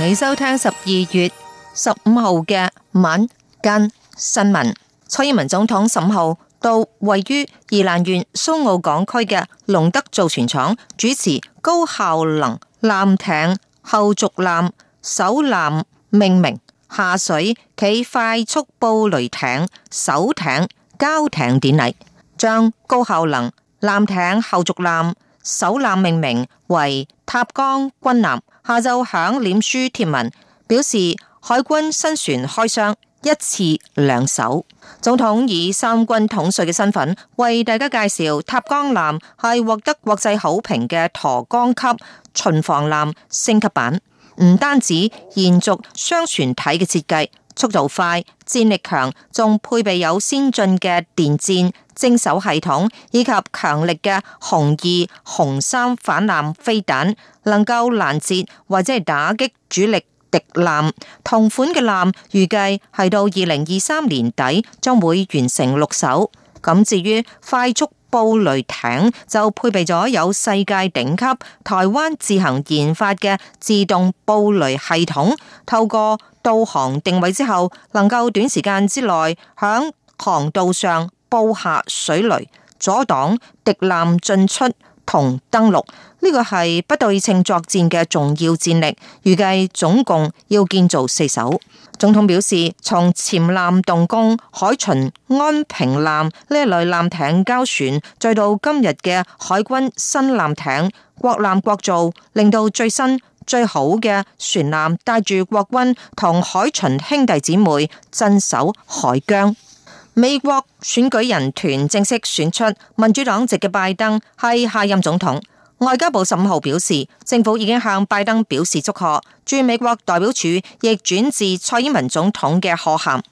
你收聽十二月十五號嘅晚間新聞。蔡英文總統十五號到位於宜蘭縣蘇澳港區嘅龍德造船廠主持高效能艦艇後續艦首艦命名下水暨快速佈雷艇首艇交艇典禮，將高效能艦艇後續艦首艦命名為「塔江軍艦」。下晝響臉書貼文表示，海軍新船開箱一次兩艘。總統以三軍統帥嘅身份為大家介紹塔江艦係獲得國際好評嘅沱江級巡防艦升級版，唔單止延續雙船體嘅設計，速度快、戰力強，仲配備有先進嘅電戰。精手系統以及強力嘅紅二、紅三反艦飛彈，能夠攔截或者係打擊主力敵艦。同款嘅艦預計係到二零二三年底將會完成六艘。咁至於快速布雷艇，就配備咗有世界頂級台灣自行研發嘅自動布雷系統，透過導航定位之後，能夠短時間之內響航道上。布下水雷，阻擋敵艦進出同登陸，呢個係不對稱作戰嘅重要戰力。預計總共要建造四艘。總統表示，從潛艦、動工、海巡、安平艦呢類艦艇、交船，再到今日嘅海軍新艦艇，國艦國造，令到最新最好嘅船艦帶住國軍同海巡兄弟姐妹，鎮守海疆。美國選舉人團正式選出民主黨籍嘅拜登係下任總統。外交部十五號表示，政府已經向拜登表示祝賀，駐美國代表處亦轉致蔡英文總統嘅賀函。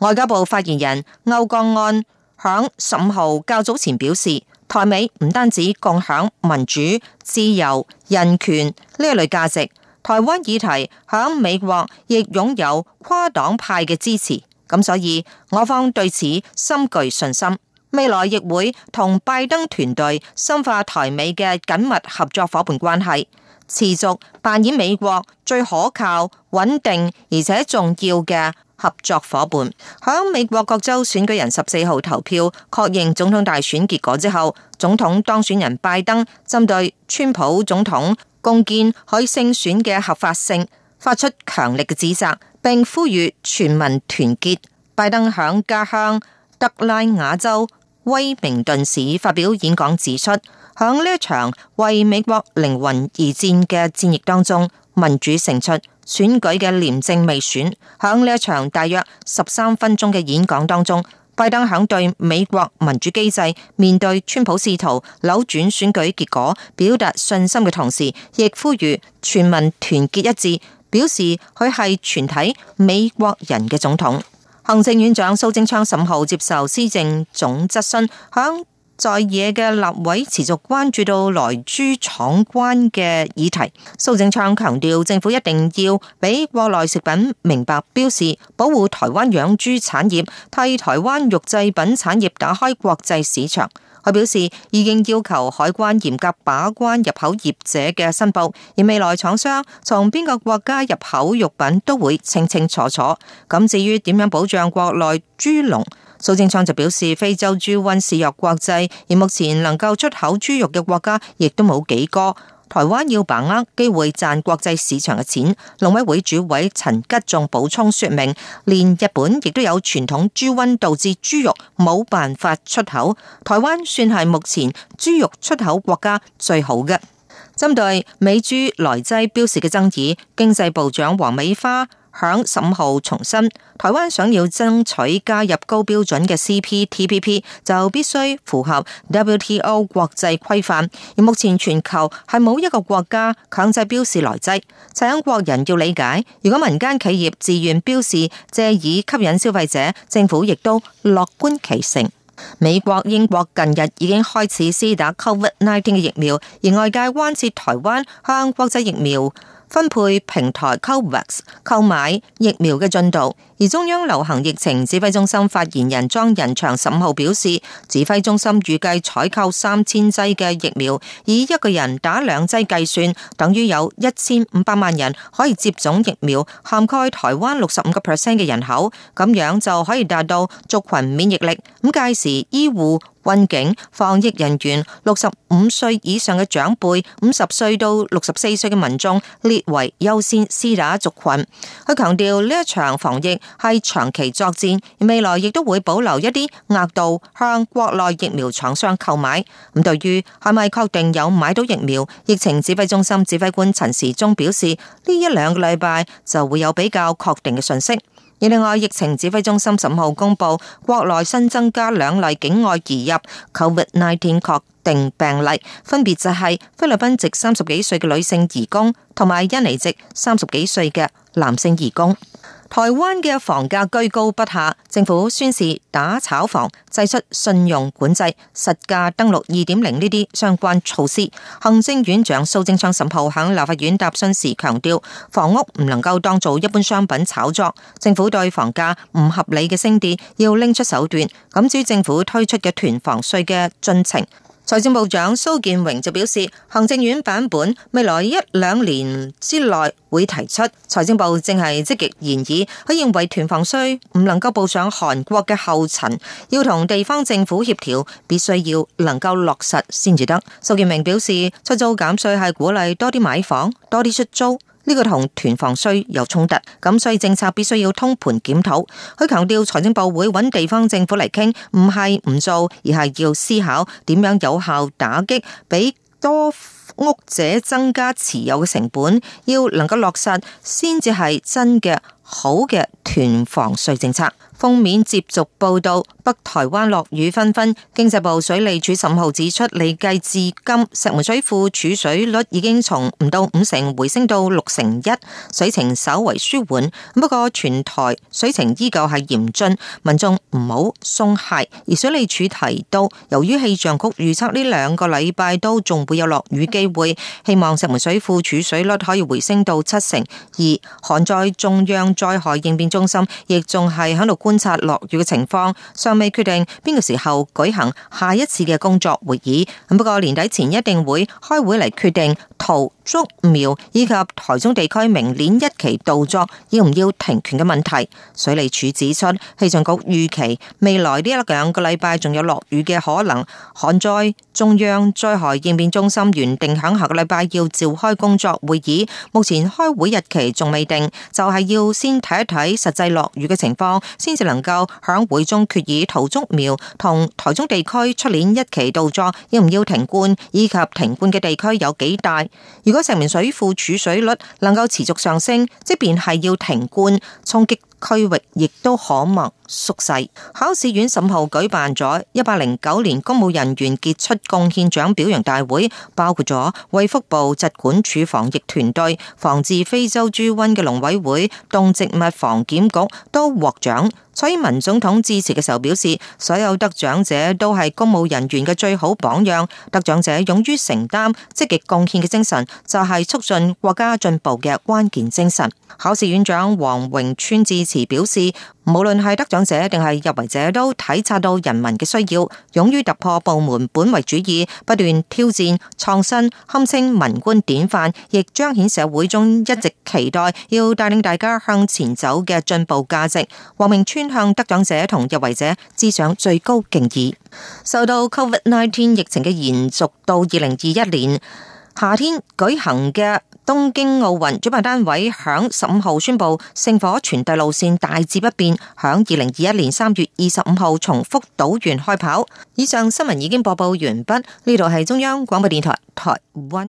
外交部發言人歐江安響十五號較早前表示，台美唔單止共享民主、自由、人權呢一類價值，台灣議題響美國亦擁有跨黨派嘅支持。咁所以，我方對此深具信心，未來亦會同拜登團隊深化台美嘅緊密合作伙伴關係，持續扮演美國最可靠、穩定而且重要嘅合作伙伴。響美國各州選舉人十四號投票確認總統大選結果之後，總統當選人拜登針對川普總統攻讦勝選嘅合法性，發出強力嘅指責。並呼籲全民團結。拜登響家鄉德拉瓦州威明頓市發表演講，指出響呢一場為美國靈魂而戰嘅戰役當中，民主勝出，選舉嘅廉政未選。響呢一場大約十三分鐘嘅演講當中，拜登響對美國民主機制面對川普試圖扭轉選舉結果表達信心嘅同時，亦呼籲全民團結一致。表示佢係全體美國人嘅總統。行政院長蘇貞昌十五號接受施政總質詢。在野嘅立委持續關注到萊豬闖關嘅議題，蘇貞昌強調政府一定要俾國內食品明白標示，保護台灣養豬產業，替台灣肉製品產業打開國際市場。佢表示，已經要求海關嚴格把關入口業者嘅申報，而未來廠商從邊個國家入口肉品都會清清楚楚。咁至於點樣保障國內豬農。蘇貞昌就表示，非洲豬瘟肆虐國際，而目前能夠出口豬肉嘅國家亦都冇幾多。台灣要把握機會賺國際市場嘅錢。農委會主委陳吉仲補充說明，連日本亦都有傳統豬瘟導致豬肉冇辦法出口，台灣算係目前豬肉出口國家最好嘅。針對美豬萊劑標示嘅爭議，經濟部長王美花響十五號重申，台灣想要爭取加入高標準嘅 CPTPP，就必須符合 WTO 國際規範。而目前全球係冇一個國家強制標示萊劑，請國人要理解。如果民間企業自願標示，借以吸引消費者，政府亦都樂觀其成。美國、英國近日已經開始施打 COVID nineteen 嘅疫苗，而外界關注台灣向國際疫苗。分配平台 COVAX 購買疫苗嘅進度。而中央流行疫情指揮中心發言人莊人祥十五號表示，指揮中心預計採購三千劑嘅疫苗，以一個人打兩劑計算，等於有一千五百萬人可以接種疫苗，涵蓋台灣六十五個 percent 嘅人口，咁樣就可以達到族群免疫力。咁屆時醫護、軍警、防疫人員、六十五歲以上嘅長輩、五十歲到六十四歲嘅民眾列為優先施打族群。佢強調呢一場防疫。係長期作戰，未來亦都會保留一啲額度向國內疫苗廠商購買。咁，對於係咪確定有買到疫苗？疫情指揮中心指揮官陳時忠表示，呢一兩個禮拜就會有比較確定嘅信息。而另外，疫情指揮中心十五號公佈，國內新增加兩例境外移入 COVID-NINE 確定病例，分別就係菲律賓籍三十幾歲嘅女性移工同埋印尼籍三十幾歲嘅男性移工。台灣嘅房價居高不下，政府宣示打炒房，祭出信用管制、實價登錄二點零呢啲相關措施。行政院長蘇貞昌十號喺立法院答詢時強調，房屋唔能夠當做一般商品炒作，政府對房價唔合理嘅升跌要拎出手段，至於政府推出嘅囤房稅嘅進程，財政部長蘇建榮就表示，行政院版本未來一兩年之內。會提出，財政部正係積極研議，佢認為囤房稅唔能夠步上韓國嘅後塵，要同地方政府協調，必須要能夠落實先至得。蘇建明表示，出租減稅係鼓勵多啲買房、多啲出租，呢、這個同囤房稅有衝突，咁所以政策必須要通盤檢討。佢強調，財政部會揾地方政府嚟傾，唔係唔做，而係要思考點樣有效打擊，俾多。屋者增加持有嘅成本，要能夠落實，先至係真嘅好嘅囤房稅政策。封面接續報道，北台灣落雨紛紛。經濟部水利署十五號指出，累計至今石門水庫儲水率已經從唔到五成回升到六成一，水情稍為舒緩。不過全台水情依舊係嚴峻，民眾唔好鬆懈。而水利署提到，由於氣象局預測呢兩個禮拜都仲會有落雨機會，希望石門水庫儲水率可以回升到七成二。旱災中央災害應變中心亦仲係喺度觀觀察落雨嘅情況，尚未決定邊個時候舉行下一次嘅工作會議。咁不過年底前一定會開會嚟決定桃竹苗以及台中地區明年一期稻作要唔要停權嘅問題。水利署指出，氣象局預期未來呢一兩個禮拜仲有落雨嘅可能，旱災。中央災害應變中心原定響下個禮拜要召開工作會議，目前開會日期仲未定，就係要先睇一睇實際落雨嘅情況先。能夠響會中決議桃竹苗同台中地區出年一期稻作要唔要停灌，以及停灌嘅地區有幾大？如果石門水庫儲水率能夠持續上升，即便係要停灌衝擊，衝擊區域亦都可望縮細。考試院審後舉辦咗109年公務人員傑出貢獻獎表揚大會，包括咗衛福部疾管處防疫團隊、防治非洲豬瘟嘅農委會、動植物防檢局都獲獎。所以民總統致辭嘅時候表示，所有得獎者都係公務人員嘅最好榜樣，得獎者勇於承擔、積極貢獻嘅精神就係促進國家進步嘅關鍵精神。考試院長黃榮川致時表示，無論係得獎者定係入圍者，都體察到人民嘅需要，勇於突破部門本位主義，不斷挑戰創新，堪稱民官典範，亦彰顯社會中一直期待要帶領大家向前走嘅進步價值。黃明川向得獎者同入圍者致上最高敬意。受到 COVID-19 疫情嘅延續到，到二零二一年夏天舉行嘅，東京奧運主辦單位響十五號宣布聖火傳遞路線大致不變，響二零二一年三月二十五號從福島縣開跑。以上新聞已經播報完畢，呢度係中央廣播電台台灣。